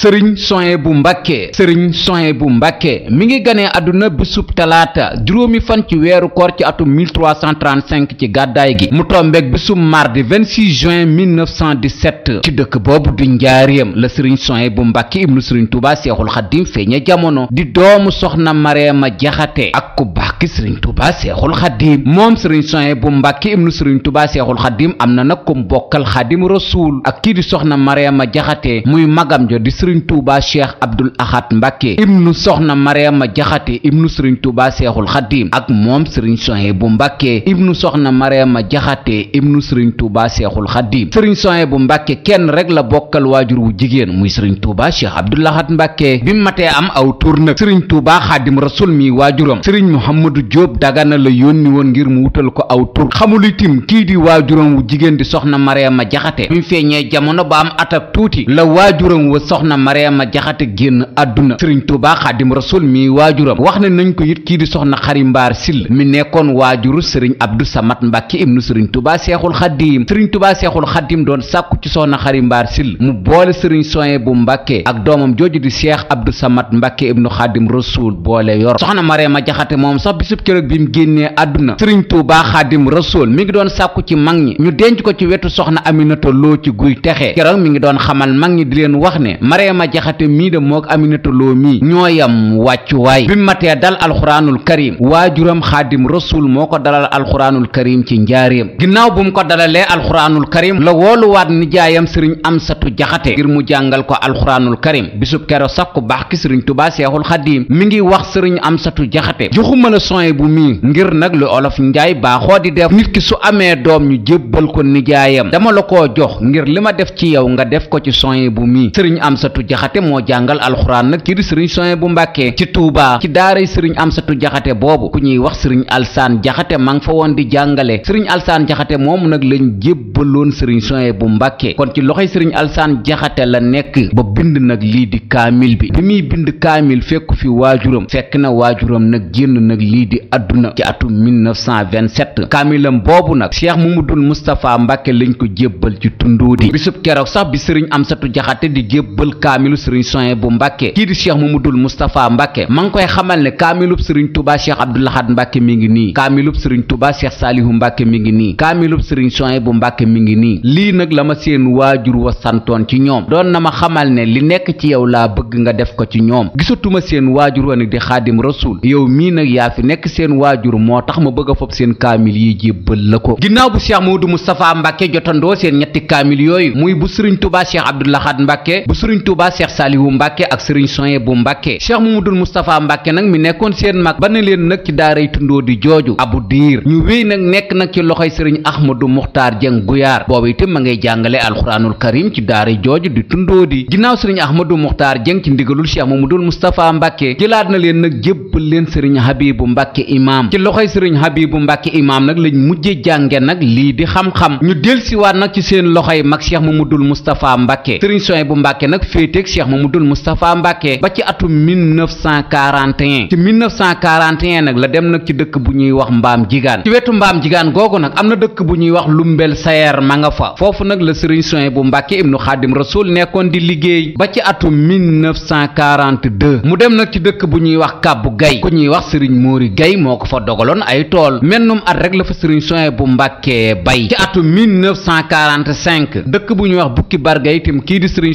sëriñ soye bu mbàkke sëriñ soye bu mbàkke mi ngi ganee àdduna bisub talaata juróomi fan ci weeru koor ci atum 1335 ci gàddaay gi mu tombeeg bisub mardi 26 juin 1917 ci dëkk boobu du njaaréem la sëriñ soye bu mbàkke ibnu sëriñ tuuba seexul xaddim feeña jamono di doomu soxna mareema jaxate ak ku baax ki sëriñ tuuba seexul xaddim moom sëriñ soye bu mbàkke ibnu sëriñ tuuba seexul xaddim am na nag ku mbokkal xaddim rasuul ak kii di soxna mareema jaxate muy magam sëriñ tuuba cheikh abdul ahad mbàkke ibnu soxna mariama jaxate ibnu sëriñ tuuba seexul xadim ak moom sëriñ sohaybu mbàkke ibnu soxna mariama jaxate ibnu sëriñ tuuba seexul xadim sëriñ bu mbàkke kenn rek la bokkal waajur wu jigéen muy sëriñ tuuba cheikh abdul ahad mbàkke bi matee am aw tur nag sëriñ tuuba xaadim rasul mi waajuram sëriñ muhammadu jóob dagana la yónni woon ngir mu wutal ko aw tur xamul itim kii di waajuram wu jigéen di soxna mariama jaxate bi mu feeñee jamono ba am atab tuuti la Mariama Jaxate génn àdduna sëriñ Tuubaa Xaadim Rasuul mi waajuram wax ne nañ ko it kii di soxna Xari Mbaar Sill mi nekkoon waajuru sëriñ Abdou Samat Mbàkke ibnu sëriñ Tuubaa Seexul Xaadim sëriñ Tuubaa Seexul Xaadim doon sàkku ci soxna Xari Mbaar Sill mu boole sëriñ Soye bu Mbàkke ak doomam jooju di Seex Abdou Samat Mbàkke ibnu Xaadim Rasuul boole yor soxna Mariama Jaxate moom sax bisub keroog bi mu génnee àdduna sëriñ Tuubaa Xaadim Rasuul mi ngi doon sàkku ci mag ñi ñu denc ko ci wetu soxna Aminata Loo ci guy texe keroog mi ngi doon xamal mag ñi di leen wax ne Maryaama Jaxate mii de mook Aminata Lo mii ñooyam wàccuwaay bi matee dal alxuraanul karim waajuram xaadim rasul moo ko dalal alxuraanul karim ci njaareem ginnaaw bu mu ko dalalee alxuraanul karim la wooluwaat nijaayam sëriñ Amsatu Jaxate ngir mu jàngal ko alxuraanul karim bisub kero sax ku baax ki sëriñ Tuubaa Seexul Xaadim mi ngi wax sëriñ Amsatu Jaxate joxuma la soin bu mii ngir nag lu olof njaay baaxoo di def nit ki su amee doom ñu jébbal ko nijaayam dama la ko jox ngir li ma def ci yow nga def ko ci soin bu mii sëriñ Amsatu amsatu jaxate moo jàngal alxuraan nag kii di sëriñ soin bu mbàkke ci tuubaa ci daaray sëriñ amsatu jaxate boobu ku ñuy wax sëriñ alsaan jaxate ma nga fa woon di jàngale sëriñ alsaan jaxate moomu nag lañ jébbaloon sëriñ soin bu mbàkke kon ci loxoy sëriñ alsaan jaxate la nekk ba bind nag lii di kaamil bi bi muy bind kaamil fekk fi waajuram fekk na waajuram nag génn nag lii di àdduna ci atum 1927 kaamilam boobu nag cheikh mamadul moustapha mbàkke lañ ko jébbal ci tundóo di bisub keroog sax bi sëriñ amsatu jébbal kaamilu sëriñ soin bu mbàkke kii di cheikh mamadul moustapha mbàkke ma ngi koy xamal ne kaamilub sëriñ touba cheikh abdoulahad mbàkke mi ngi nii kaamilub sëriñ touba cheikh saalihu mbàkke mi ngi nii kaamilub sëriñ soin bu mbàkke mi ngi nii lii nag la ma seen waajur wa santoon ci ñoom doon na ma xamal ne li nekk ci yow laa bëgg nga def ko ci ñoom gisatuma seen waajur wa nag di xaadim rasul yow mii nag yaa fi nekk seen waajur moo tax ma bëgg a fob seen kaamil yi jébbal la ko ginnaaw bu cheikh mamadou moustapha Touba Cheikh Saliou Mbacke ak Serigne Soye bu Mbacke Cheikh Mamadou Moustapha Mbacke nak mi nekkoon seen mag ba ne leen nag ci daaray tundoo di jooju abu diir ñu wéy nag nekk nag ci loxoy Serigne Ahmadou Muxtaar Jeng Guyaar boobu itam ma ngay jàngale alxuraanul karim ci daaray jooju di tundoo di ginnaaw Serigne Ahmadou Muxtaar Jeng ci ndigalul Cheikh Mamadou Moustapha Mbacke jëlaat na leen nag jébbal leen Serigne Habibu Mbacke imaam ci loxoy Serigne Habibu Mbacke imaam nag lañ mujje jànge nag lii di xam-xam ñu delsiwaat ma cheikh mamadul moustapha mbàkke ba ci atum 1941 ci 1941 nag la dem nag ci dëkk bu ñuy wax mbaam jigaan ci wetu mbaam jigaan googu nag am na dëkk bu ñuy wax lumbel sayer ma nga fa foofu nag la sëriñ soin bu mbàkke ibnu xaadim rasul nekkoon di liggéey ba ci atum mu dem nag ci dëkk bu ñuy wax kàbbu gay ku ñuy wax sëriñ móori gay moo ko fa dogaloon ay tool mennum at rek la fa sëriñ soin bu mbàkke bay ci atum 1945 dëkk bu ñuy wax bukki barga kii di sëriñ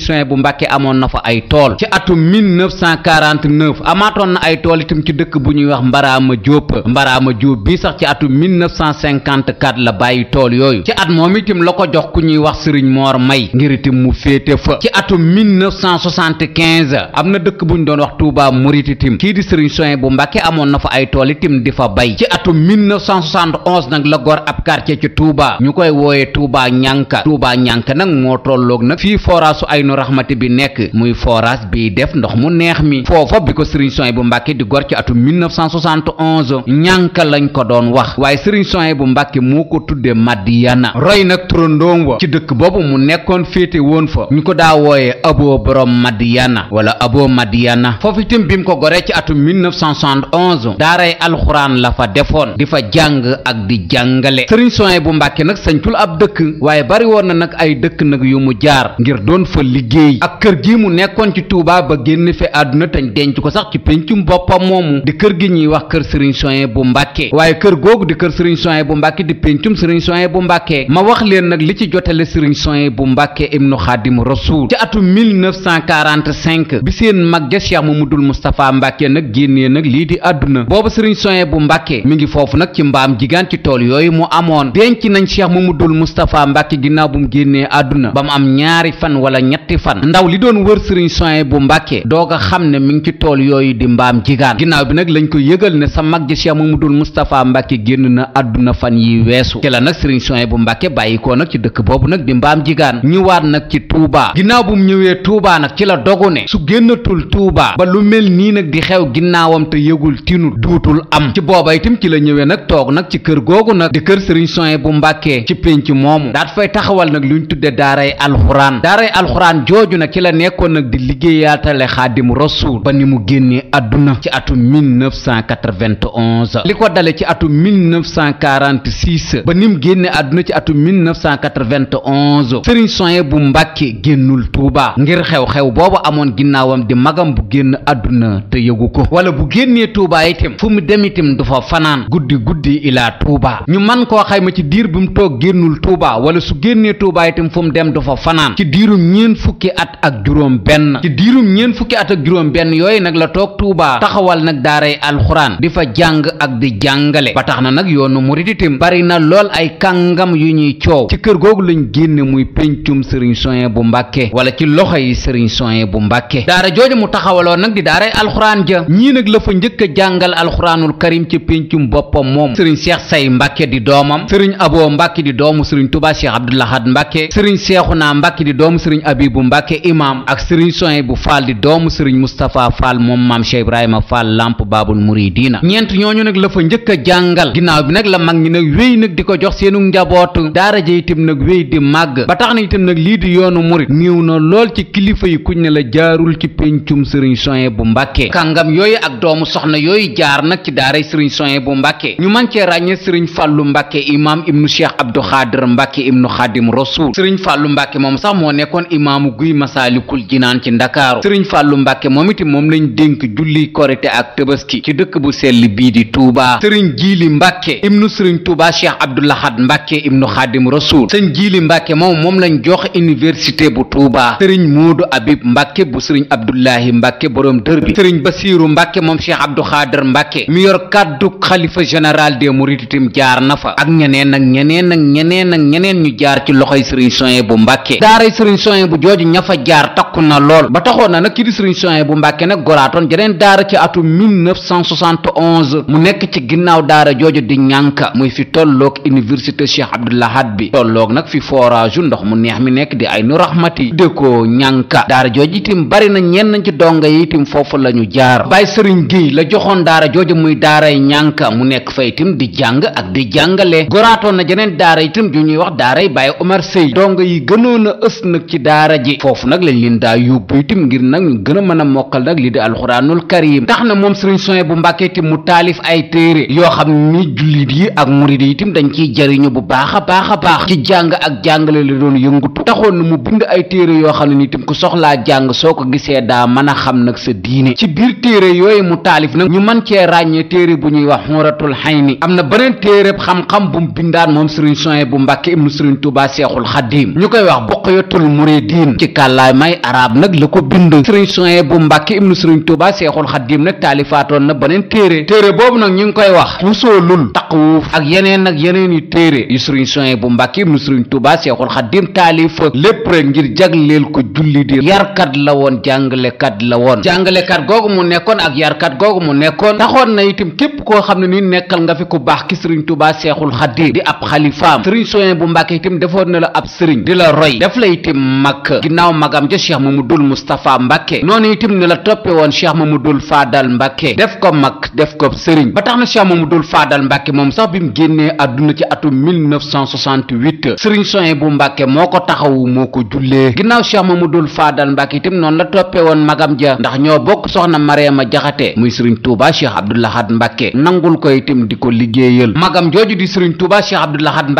amoon na fa ay tool ci atum 1949 amaatoon na ay tool itam ci dëkk bu ñuy wax Mbaraama Diop Mbaraama Diop bii sax ci atum 1954 la bàyyi tool yooyu ci at moom itam la ko jox ku ñuy wax Serigne Mor May ngir itam mu féete fa ci atum 1975 am na dëkk bu ñu doon wax Touba Mouride itam kii di Serigne Soin bu Mbàkke amoon na fa ay tool itam di fa bay ci atum 1971 nag la gor ab quartier ci Touba ñu koy wooyee Touba Ñanka Touba Ñanka nag moo tolloog nag fii foraasu Aynu Rahmati bi ne nekk muy forage bi def ndox mu neex mi foofa bi ko sëriñ Souhaïbou Mbacké di gor ci atum 1971 ñànka lañ ko doon wax waaye sëriñ Souhaïbou Mbacké moo ko tudde Madiyana roy nag turandoom wa ci dëkk boobu mu nekkoon féete woon fa ñu ko daa wooye abo borom Madiyana wala abo Madiyana foofu itam bi mu ko goree ci atum 1971 daaray alxuraan la fa defoon di fa jàng ak di jàngale sëriñ Souhaïbou Mbacké nag sañtul ab dëkk waaye bari na nag ay dëkk nag yu mu jaar kër mu nekkoon ci Touba ba génn fi àdduna te denc ko sax ci péncum boppam moomu di kër gi ñuy wax kër Serigne bu Mbacké waaye kër googu di kër Serigne bu Mbacké di péncum Serigne bu Mbacké ma wax leen nag li ci jotale Serigne Souhaïbou Mbacké ibnu Xaadim Rasuul ci atum 1945 bi seen mag ja Cheikh Mamadou Moustapha Mbacké nag génnee nag lii di àdduna boobu Serigne bu Mbacké mi ngi foofu nag ci mbaam jigaan ci tool yooyu mu amoon denc nañ Cheikh Mamadou Moustapha Mbacké ginnaaw bu mu génnee àdduna ba mu am ñaari fan wala ñetti fan doon wër sëriñ soin bu mbàkke doog a xam ne mi ngi ci tool yooyu di mbaam jigaan ginnaaw bi nag lañ ko yëgal ne sa mag ji cheikh mamadul moustapha mbàkke génn na àdduna fan yi weesu ci la nag sëriñ soin bu mbàkke bàyyikoo nag ci dëkk boobu nag di mbaam jigaan ñëwaat nag ci tuubaa ginnaaw bu mu ñëwee tuubaa nag ci la dogu ne su génnatul tuubaa ba lu mel nii nag di xew ginnaawam te yëgul tinul duutul am ci booba itam ci la ñëwee nag toog nag ci kër googu nag kër sëriñ bu mbàkke ci pénc moomu daat fay taxawal nag luñ tudde daaray alxuraan daaray nekkoon nag di liggéeyaatale xaadim rasul ba ni mu génnee àdduna ci atum 1991 li ko dale ci atum 1946 ba ni mu génnee àdduna ci atum 1991 sëriñ soye bu mbàkke génnul tuuba ngir xew-xew boobu amoon ginnaawam di magam bu génn àdduna te yëgu ko wala bu génnee tuuba itam fu mu dem itam du fa fanaan guddi guddi ilaa tuuba ñu man koo xayma ci diir bi mu toog génnul tuuba wala su génnee tuubaa itam fu mu dem du fa fanaan ci diirum ñeen fukki at ak juróom benn ci diirum ñeen fukki at ak juróom benn yooyu nag la toog Touba taxawal nag daaray alxuraan di fa jàng ak di jàngale ba tax na nag yoonu murid itam bari na lool ay kàngam yu ñuy coow ci kër googu lañ génne muy péncum sëriñ soye bu mbàkke wala ci loxo yi sëriñ soye bu mbàkke daara jooju mu taxawaloo nag di daaray alxuraan ja ñii nag la fa njëkk jàngal alxuraanul karim ci péncum boppam moom sëriñ seex say mbàkke di doomam sëriñ aboo mbàkke di doomu sëriñ Touba Cheikh Abdoul maam ak sëriñ soin bu faal di doomu sëriñ Moustapha Fall moom maam Cheikh Ibrahima Fall lamp baabul muridiina ñeent ñooñu nag la fa njëkk jàngal ginnaaw bi nag la mag ñi nag wéy nag di ko jox seenu njabootu daara ja itam nag wéy di màgg ba tax na itam nag lii di yoonu murit niiw na lool ci kilifa yi kuñ ne la jaarul ci pencum sëriñ soin bu mbàkke kàngam yooyu ak doomu soxna yooyu jaar nag ci daaray sëriñ soin bu mbàkke ñu man cee ràññee sëriñ fàllu mbàkke imaam ibnu cheikh abdou xaadir mbàkke Masaalikul Jinaan ci Ndakaaru Sëriñ Fàllu Mbàkke moom itam moom lañ dénk julli korite ak tëbaski ci dëkk bu sell bii di Tuubaa Sëriñ Jiili Mbàkke ibnu Sëriñ Tuubaa Cheikh Abdou Lahad Mbàkke ibnu Xaadim Rasuul Sëriñ Jiili Mbàkke moom moom lañ jox université bu Tuubaa Sëriñ Muudu Abib Mbàkke bu Sëriñ Abdullahi Mbàkke boroom dër bi Sëriñ Basiiru Mbàkke moom Cheikh Abdou Xaadir Mbàkke mi yor kàddu xalifa général des mu itam jaar na fa ak ñeneen ak ñeneen ak ñeneen ñeneen ñu jaar ci loxoy Sëriñ Soye takku na lool ba taxoon na nag kii di sëriñ Souhaïbou bu Mbàkke nag goraatoon jeneen daara ci atu 1971 mu nekk ci ginnaaw daara jooju di ñànka muy fi tolloog université Cheikh Abdoul Ahad bi tolloog nag fi forage ndox mu neex mi nekk di ay nu raxmati dëkkoo ñànka daara jooju itam bari na ñenn ci donga yi itam foofu la ñu jaar bàyyi sëriñ Géey la joxoon daara jooju muy daaray ñànka mu nekk fa itam di jàng ak di jàngale goraatoon na jeneen daara itam ju ñuy wax daaray Baye Omar Sey donga yi gënoon a ës nag ci daara ji foofu nag lañ leen daa yóbbu itam ngir nag ñu gën a mën mokkal nag li di alxuraanul karim tax na moom sëriñ Souhaïbou ay téere yoo xam ni jullit yi ak murid yi itam dañ ciy bu baax a baax a baax ci jàng ak jàngale la doon yëngutu taxoon na mu bind ay téere yoo xam ne ni itam ku soxlaa jàng soo ko gisee daa mën a xam nag sa diine ci biir téere yooyu mu taalif nag ñu man cee ràññee téere bu ñuy wax xuratul ni am na beneen téere xam-xam bu mu bindaan moom sëriñ Souhaïbou Mbacké ibnu sëriñ Tuubaa Seexul Xadiim ñu koy wax buqyatul muridiin ci kàllaay may ay arab nag la ko bind sëriñ soye bu mbàkke ibnu sëriñ tuuba seexul xaddiim nag taalifaatoon na beneen téere boobu nag ñu ngi koy wax fusoolul taqawuuf ak yeneen ak yeneen yu téere yu sëriñ soye bu mbàkke ibnu sëriñ tuuba seexul xaddiim taalif lépp rek ngir jagleel ko julli di yarkat la woon jàngalekat la woon jàngalekat googu mu nekkoon ak yarkat googu mu nekkoon taxoon na itam képp koo xam ne ni nekkal nga fi ku baax ki sëriñ tuuba seexul xaddiim di ab xalifaam sëriñ soye bu mbàkke itam defoon na la ab sëriñ di la roy def la itam mag ginnaaw magam ja cheikh mamadul mustapha mbàkke noonu itam ni la toppe woon cheikh mamadul faadal mbàkke def ko mag def ko sëriñ ba tax na cheikh mamadul faadal mbàkke moom sax bi mu génnee àdduna ci atum sëriñ soye bu mbàkke moo ko taxawu moo ko jullee ginnaaw cheikh mamadul faadal mbàkke itam noonu la toppe woon magam ja ndax ñoo bokk soxna mariama jaxate muy sëriñ touba cheikh abdoulahad mbàkke nangul ko itam di ko liggéeyal magam jooju di sëriñ touba cheikh abdoulahad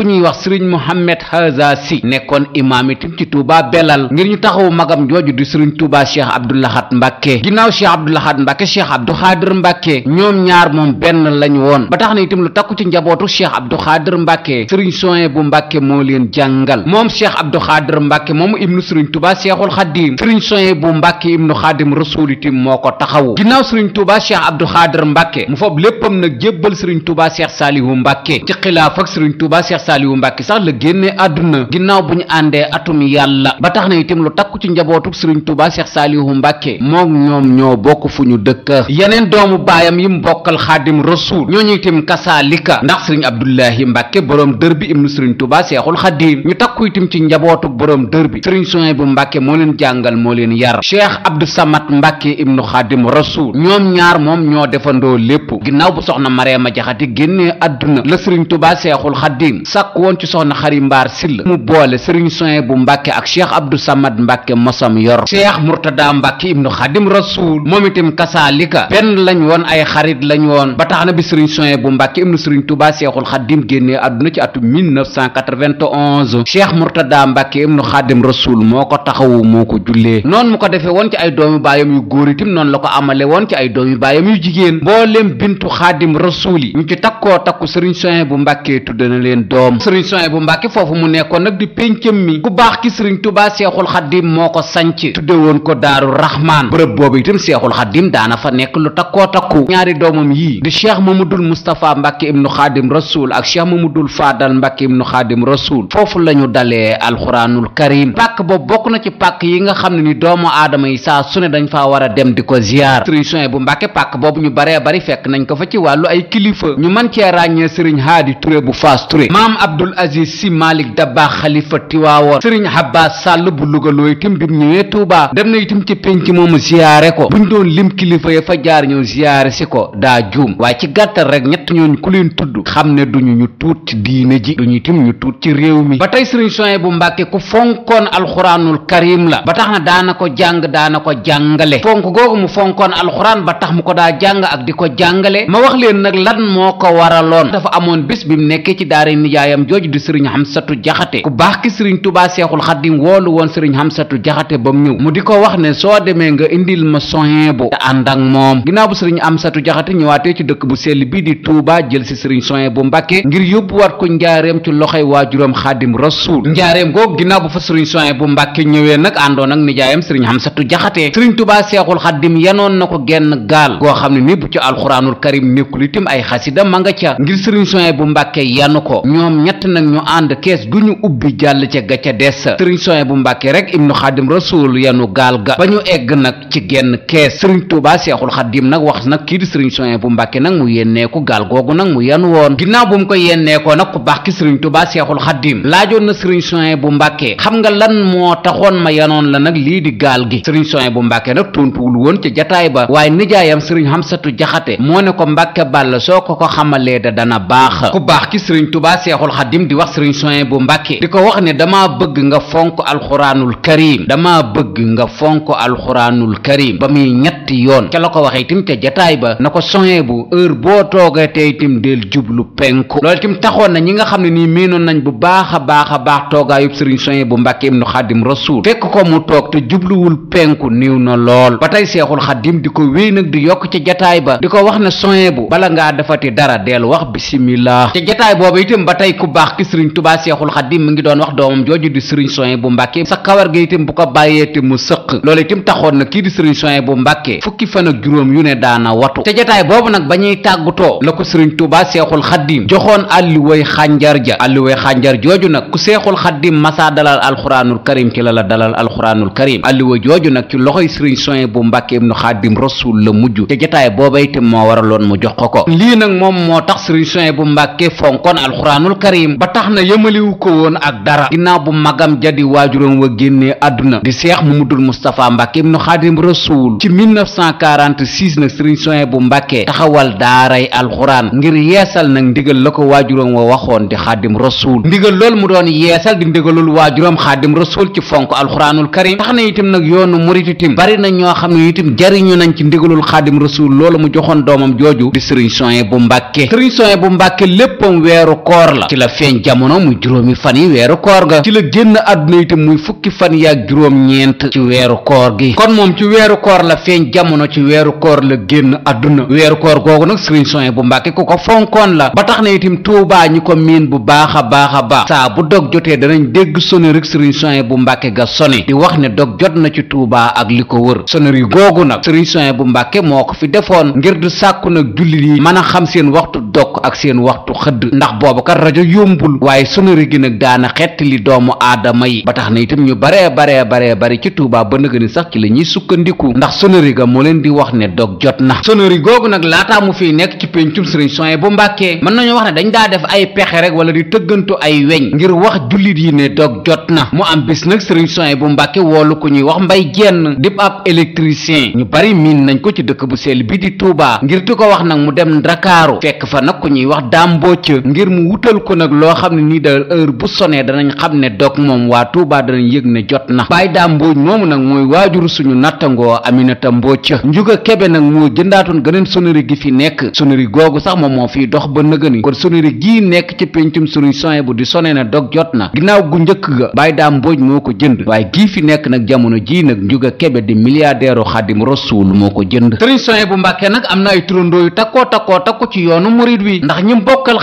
ku ñuy wax sëriñ Mohammed Haza Sy nekkoon imaam itam ci Touba Belal ngir ñu taxawu magam jooju di sëriñ Touba Cheikh Abdoul Ahad Mbacke ginnaaw Cheikh Abdoul Ahad Mbacke Cheikh Abdou Khadir Mbacke ñoom ñaar moom benn lañ woon ba tax na itam lu takku ci njabootu Cheikh Abdou Khadir Mbacke sëriñ Soye bu Mbacke moo leen jàngal moom Cheikh Abdou Khadir moom moomu ibnu sëriñ Touba Cheikhul Khadim sëriñ Soye bu Mbacke ibnu Khadim Rasoul itam moo ko taxawu ginnaaw sëriñ Touba Cheikh Abdou Khadir Mbacke mu fob léppam nag jébbal sëriñ Touba Cheikh Salihu Mbacke ci xilaaf ak Saaliwu Mbàkke sax la génnee àdduna ginnaaw bu ñu àndee atum yàlla ba tax na itam lu takku ci njabootu Sëriñ Tuubaa Seex Saaliwu Mbàkke moom ñoom ñoo bokk fu ñu dëkk yeneen doomu baayam yi mu bokkal Xaadim Rasuul ñooñu itam kasaalika ndax Sëriñ Abdullahi Mbàkke boroom dër bi ibnu Sëriñ Tuubaa Seexul Xaadim ñu takku itam ci njabootu boroom dër bi Sëriñ Suhaybu Mbàkke moo leen jàngal moo leen yar Cheikh Abdou Samad Mbàkke ibnu Xaadim Rasuul ñoom ñaar moom ñoo defandoo lépp ginnaaw bu soxna Mariama Jaxate génnee àdduna la Sëriñ Tuubaa Seexul Xaadim sàkk woon ci soxna xari mbaar sill mu boole sëriñ soin bu mbàkke ak cheikh abdou samad mbàkke mosam yor cheikh murtada mbàkke ibnu xadim rasul moom itam kasaalika benn lañ woon ay xarit lañ woon ba tax na bi sëriñ soin bu mbàkke ibnu sëriñ touba seexul xadim génnee àdduna ci atu 1991 cheikh murtada mbàkke ibnu xadim rasul moo ko taxawu moo ko jullee noonu mu ko defee woon ci ay doomi baayam yu góor itam la ko amale woon ci ay doomi baayam yu jigéen mbooleem bintu xaadim rasul yi ñu ci takkoo takku sëriñ soin bu mbàkke tudde na leen doom boroom sëriñ Suhaybu Mbàkke foofu mu nekkoon nag di péncam mi ku baax ki sëriñ Tuubaa Seexul Xaddim moo ko sanc tudde woon ko Daaru Raxmaan bërëb boobu itam Seexul Xaddim daana fa nekk lu takkoo takku ñaari doomam yii di Cheikh Mamadul Moustapha Mbàkke ibnu Xaadim Rasuul ak ma Cheikh Mamadul Faadal Mbàkke ibnu Xaadim Rasuul foofu lañu dalee alxuraanul karim pàkk boobu bokk na ci pàkk yi nga xam ne ni doomu aadama yi saa su ne dañ faa war dem di ko ziyaar sëriñ Suhaybu Mbàkke pàkk boobu ñu baree bari fekk nañ ko fa ci wàllu ay kilifa ñu man cee maam abdul aziz si malik dabaax xalifa tiwaawoon sëriñ abbas sàll bu lugaloo itam bi mu ñëwee tuubaa dem na itam ci pénc moomu ziyaare ko buñ doon lim kilifa ya fa jaar ñëw ziyaare si ko daa juum waaye ci gàttal rek ñett ñooñu ku leen tudd xam ne duñu ñu tuut ci diine ji duñu itam ñu tuut ci réew mi ba tey sëriñ soye bu mbàkke ku fonkoon alxuraanul karim la ba tax na daana ko jàng daana ko jàngale fonk googu mu fonkoon alxuraan ba tax mu daa jàng ko jàngale ma wax leen nag lan moo ko waraloon dafa amoon bis bi mu nekkee ci daara ni yaayam jooju di sëriñ Hamsatu Jaxate ku baax ki sëriñ Tubaa Seexul Xaddim woolu woon sëriñ Hamsatu Jaxate ba mu ñëw mu di ko wax ne soo demee nga indil ma sohin bu te ànd ak moom ginnaaw bu sëriñ Hamsatu Jaxate ñëwaatee ci dëkk bu sell bii di Touba jël si sëriñ sohin bu Mbàkke ngir yóbbuwaat ko njaareem ci loxoy waajuram Xaadim Rasuul njaareem googu ginnaaw bu fa sëriñ sohin bu Mbàkke ñëwee nag àndoon ak nijaayam sëriñ Hamsatu Jaxate sëriñ Tubaa Seexul Xaddim na ko genn gaal goo xam ne ni bu ci alxuraanul karim nekkul itam ay xasida ma nga ca ngir sëriñ sohin bu ñoom ñett nag ñu ànd kees gu ñu ubbi jàll ca ga ca des sëriñ soye bu mbàkke rek ibnu xaadim rasul yanu gaal ga ba ñu egg nag ci genn kees sëriñ tuubaa seexul xaadim nag wax nag kii di sëriñ soye bu mbàkke nag mu yénneeku gaal googu nag mu yan woon ginnaaw bu mu ko yénneekoo nag ku baax ki sëriñ tuubaa seexul xaadim laajoon na sëriñ soye bu mbàkke xam nga lan moo taxoon ma yanoon la nag lii di gaal gi sëriñ soye bu mbàkke nag tontuwul woon ca jataay ba waaye nijaayam sëriñ xamsatu jaxate moo ne ko mbàkke bàll soo ko ko xamalee da dana baax ku seexul xadim di wax sëriñ soin bu mbàkke di ko wax ne dama bëgg nga fonk alxuraanul karim dama bëgg nga fonk alxuraanul karim ba muy ñetti yoon ca la ko waxee itam ca jataay ba na ko soin bu heure boo toogee te itam del jublu penk loolu itam taxoon na ñi nga xam ne nii miinoon nañ bu baax a baax a baax toogaayub sëriñ soin bu mbàkke ibnu xadim rasuul fekk ko mu toog te jubluwul penku niw na lool ba tey seexul xadim di ko wéy nag di yokk ca jataay ba di ko wax ne soin bu bala ngaa defati dara del tey ku baax ki sëriñ tubaa seexul xaddim mi ngi doon wax doomam jooju di sëriñ soye bu mbàkke sa kawar ga itam bu ko bàyyee te mu sëq loolu itam taxoon na kii di sëriñ soye bu mbàkke fukki fan ak juróom yu ne daana watu te jataay boobu nag ba ñuy tàggutoo la ko sëriñ tubaa seexul xaddim joxoon àlliway xànjar jooju nag ku seexul xaddim masaa dalal alxuraanul karim ci la la dalal alxuraanul karim àlliwa jooju nag ci loxoy sëriñ soye bu mbàkke ibnu xaadim rasul la mujj te jataay booba itam moo waraloon moo tax sëriñ soye bu mbàkke karim ba tax na yëmaliwu ko woon ak dara ginnaaw bu magam jadi waajuroom wa génnee àdduna di seex mamudul mustapha mbàkke ibnu xaadim rasuul ci 1946 nag sëriñ soye bu mbàkke taxawal daaray alxuraan ngir yeesal nag ndigal la ko waajuroom wa waxoon di xaadim rasuul ndigal loolu mu doon yeesal di ndigalul waajuroom xaadim rasuul ci fonk alxuraanul karim tax na itam nag yoonu murit itam bari na ñoo xam ne itam jariñu nañ ci ndigalul xaadim rasuul loolu mu joxoon doomam jooju di sëriñ soye bu mbàkke sëriñ soye bu la ci la feeñ jamono muy juróomi fan yi weeru koor ga ci la génn àdduna itam muy fukki fan yi ak juróom-ñeent ci weeru koor gi kon moom ci weeru koor la feeñ jamono ci weeru koor la génn àdduna weeru koor googu nag sëriñ Sohibou bu Mbàkke ku ko fonkoon la ba tax na itam Tuubaa ñi ko miin bu baax a baax a baax saa bu dog jotee danañ dégg sonné rek sëriñ Sohibou bu Mbàkke ga sone di wax ne dog jot na ci Tuubaa ak li ko wër sonnerie googu nag sëriñ Sohibou bu Mbàkke moo ko fi defoon a xam seen rajo yombul waaye sonore gi nag daana xett li doomu aadama yi ba tax na itam ñu baree baree bare ci Touba ba nëga sax ci la ñuy sukkandiku ndax sonore ga moo leen di wax ne dog jot na sonore googu nag laataa mu fiy nekk ci péncum sëriñ soen bu mbàkkee mën nañu wax ne dañ daa def ay pexe rek wala di tëggantu ay weñ ngir wax jullit yi ne dog jot na mu am bis nag sëriñ soen bu mbàkke woolu ko ñuy wax mbay jenn dip ab électricien ñu bari miin nañ ko ci dëkk bu sell bi di Touba wutal ko nag loo xam ne nii daal heure bu sonee danañ xam ne dog moom waa Touba danañ yëg ne jot na bàyyi daa mbooj moomu nag mooy waajur suñu nattangoo Aminata ca Njuga Kebe nag moo jëndaatoon geneen sonnerie gi fi nekk sonnerie googu sax moom moo fiy dox ba nëgëni kon sonnerie gii nekk ci péncum suñuy bu di sonee ne dog jot na ginnaaw gu njëkk ga bàyyi daa mbooj moo ko jënd waaye gii fi nekk nag jamono jii nag Njuga Kebe di milliardaire Xaadim Rasuul moo ko jënd sëriñ soné bu Mbàkke nag am na ay turandoo yu takkoo takkoo ci yoonu murid wi ndax ñi bokkal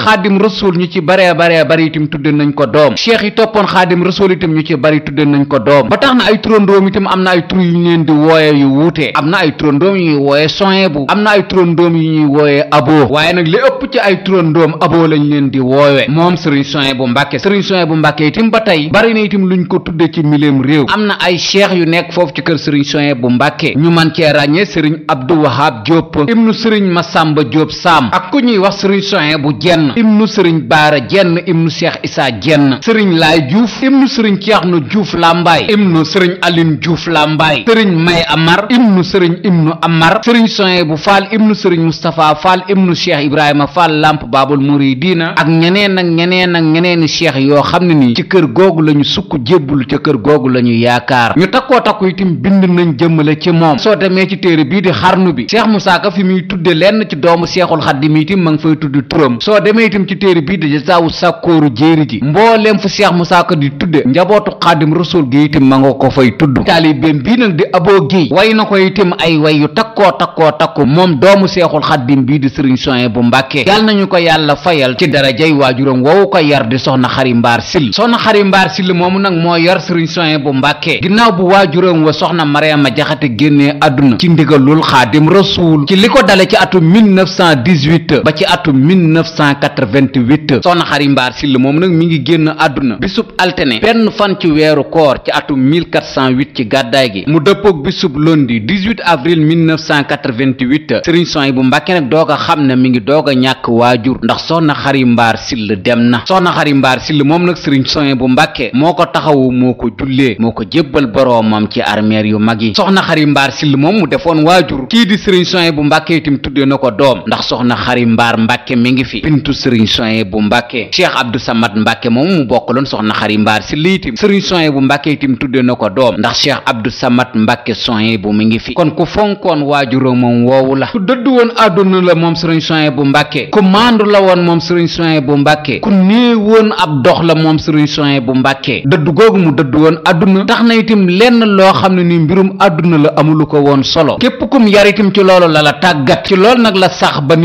bare bare bari itam tudde nañ ko doom cheikh yi toppoon xaadim rasul itam ñu ci bari tudde nañ ko doom ba tax na ay turandoom itam am na ay tur yu ñu leen di wooye wuute am na ay turandoom yu wooye soin bu am na ay turandoom yu ñuy wooye aboo waaye nag li ëpp ci ay turandoom aboo lañ leen di woowe moom sëriñ soin bu mbàkke sëriñ soin bu mbàkke itam ba tey bari na itam luñ ko tudde ci miléem réew am na ay cheikh yu nekk foofu ci kër sëriñ soin bu mbàkke ñu man cee ràññee sëriñ abdou wahab diop ibnu sëriñ masamba diop sam ak ku ñuy wax sëriñ bu jenn ibnu sëriñ Baara Jenn ibnu Cheikh Issa Jenn sëriñ Laay Juuf ibnu sëriñ Ceexna Juuf Lambaay ibnu sëriñ Aline Juuf Lambaay sëriñ May Amar ibnu sëriñ ibnu Amar sëriñ Soye bu Faal ibnu sëriñ Moustapha Faal nu Cheikh Ibrahima Faal Lamp Baabul Muridiina ak ñeneen ak ñeneen ak ñeneeni cheikh yoo xam ne nii ci kër googu lañu sukk jébbul ca kër googu lañu yaakaar ñu takkoo takku itam bind nañ jëmale ci moom soo demee ci téere bii di xarnu bi cheikh Moussa Ka fi muy tudde lenn ci doomu Cheikhul Xadim itam ma ngi fay tudd turam soo demee itam ci téere bii ginnaaw sàkkooru jéeri ji mbooleem fu Cheikh Moussa Ka di tudde njabootu xaadim rasul gi itam ma nga ko fay tudd taalibeem bii nag di aboo gi way na ko itam ay way yu takkoo takkoo takku moom doomu seexul xaddim bii di sëriñ soen bu mbàkke yàlla nañu ko yàlla fayal ci darajay waajuram woowu ko yar di soxna xari mbaar sil soxna xari mbaar sil moomu nag moo yar sëriñ soen bu mbàkke ginnaaw bu waajuram wa soxna mariama jaxate génnee àdduna ci ndigalul xaadim rasul ci li ko dale ci atum 1918 ba ci atum 1988 naxari mbaar si la moom nag mi ngi génn gi mu dëppoog bisub lundi 18 avril 1988 sëriñ Sohaybu Mbàkke nag doog a xam ne mi ngi doog a ñàkk waajur ndax soxna xari mbaar sill dem na soxna xari mbaar sill moom nag sëriñ bu Mbàkke moo ko taxawu moo ko jullee moo ko jébbal boroomam ci armeer yu mag yi soxna xari mbaar sill moom mu defoon waajur kii di sëriñ Sohaybu Mbàkke itam tuddee na ko doom ndax soxna xari mbaar Mbàkke mi ngi fi bintu sëriñ Sohaybu Mbàkke mbàkke cheikh abdou samad mbàkke moom mu bokkaloon soxna xari mbaar si liitim sëriñ soye bu mbàkke itim tudde na ko doom ndax cheikh abdou samad mbàkke soye bu mu ngi fi kon ku fonkoon waajuróom moom woowu la ku dëdd woon àdduna la moom sëriñ soye bu mbàkke ku maandu la woon moom sëriñ bu mbàkke ku nee woon ab dox la moom sëriñ soye bu mbàkke dëdd googu mu dëdd woon àdduna tax na itim lenn loo xam ni mbirum àdduna la amulu ko woon solo képp kum yar itim ci loolu la la tàggat ci loolu nag la sax ba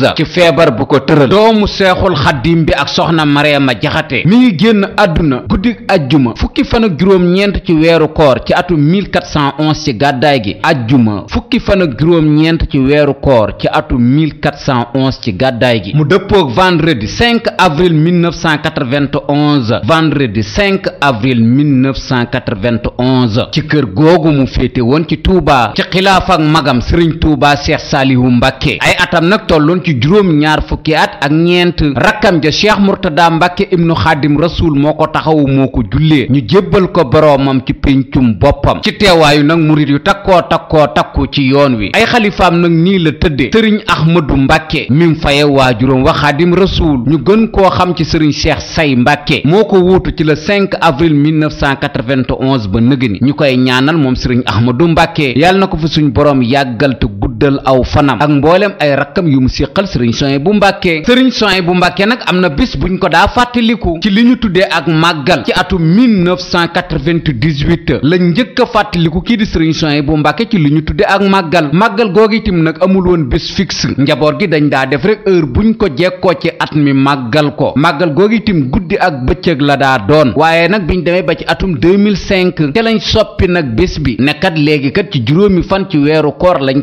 Hamza ci feebar bu ko tëral doomu seexul xaddim bi ak soxna Mariama Jaxate mi ngi génn àdduna guddi ajjuma fukki fan juróom-ñeent ci weeru koor ci atum 1411 ci gàddaay gi ajjuma fukki fan ak juróom-ñeent ci weeru koor ci atum 1411 ci gàddaay gi mu dëppook vendredi 5 avril 1991 vendredi 5 avril 1991 ci kër googu mu féete woon ci Touba ci xilaaf ak magam Serigne Touba Cheikh Salihu Mbacké ay atam nag tollu tolloon ci juróom ñaar fukki at ak ñeent rakkam ja cheikh murtada mbàkke ibnu xaadim rasul moo ko taxawu moo ko jullee ñu jébbal ko boroomam ci péncum boppam ci teewaayu nag murit yu takkoo takkoo takku ci yoon wi ay xalifaam nag nii la tëddee sëriñ ahmadu mbàkke mim faye waajuróom wa xaadim rasul ñu gën koo xam ci sëriñ cheikh say mbàkke moo ko wuutu ci le 5 avril 1991 ba nëgëni ñu koy ñaanal moom sëriñ ahmadu mbàkke yàlla na ko fi suñ boroom yàggal te gudd guddal aw fanam ak mboolem ay rakkam yu mu siqal sëriñ soye bu mbàkke sëriñ soye bu mbàkke nag am na bés buñ ko daa fàttaliku ci li ñu tuddee ak màggal ci atum 1998 la njëkk a fàttaliku kii di sëriñ soye bu mbàkke ci li ñu tuddee ak màggal màggal googu itam nag amul woon bés fixe njaboot gi dañ daa def rek heure buñ ko jekkoo ci at mi màggal ko màggal googu itam guddi ak bëccëg la daa doon waaye nag bi ñu demee ba ci atum 2005 te lañ soppi nag bés bi nekkat léegi kat ci fan ci weeru koor lañ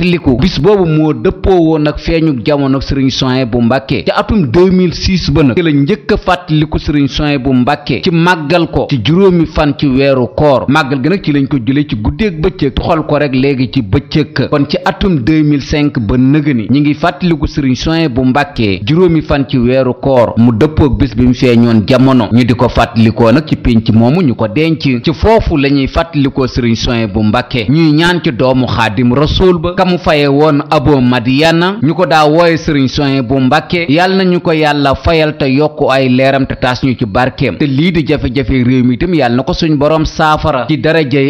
fàttaliku bis boobu moo dëppoo woon nag feeñu jamono sëriñ soin bu mbàkke ci atum 2006 ba nag la njëkk a fàttaliku sëriñ soin bu mbàkke ci màggal ko ci juróomi fan ci weeru koor màggal gi nag ci lañ ko jëlee ci guddeeg bëccëg xool ko rek léegi ci bëccëg kon ci atum 2005 ba nëgëni ñi ngi fàttaliku sëriñ soin bu mbàkkee juróomi fan ci weeru koor mu dëppoog bis bi mu feeñoon jamono ñu di ko fàttalikoo nag ci pénc moomu ñu ko denc ci foofu la ñuy fàttalikoo sëriñ soin bu mbàkkee ñuy ñaan ci doomu xaadim rasul ba mu faye woon abo madiyana ñu ko daa wooye sëriñ soye bu mbakkee yàlla na ñu ko yàlla fayal te yokk ay leeram te taas ñu ci barkeem te lii di jafe-jafe réew mi itam yàlla na ko suñ boroom saafara ci darajey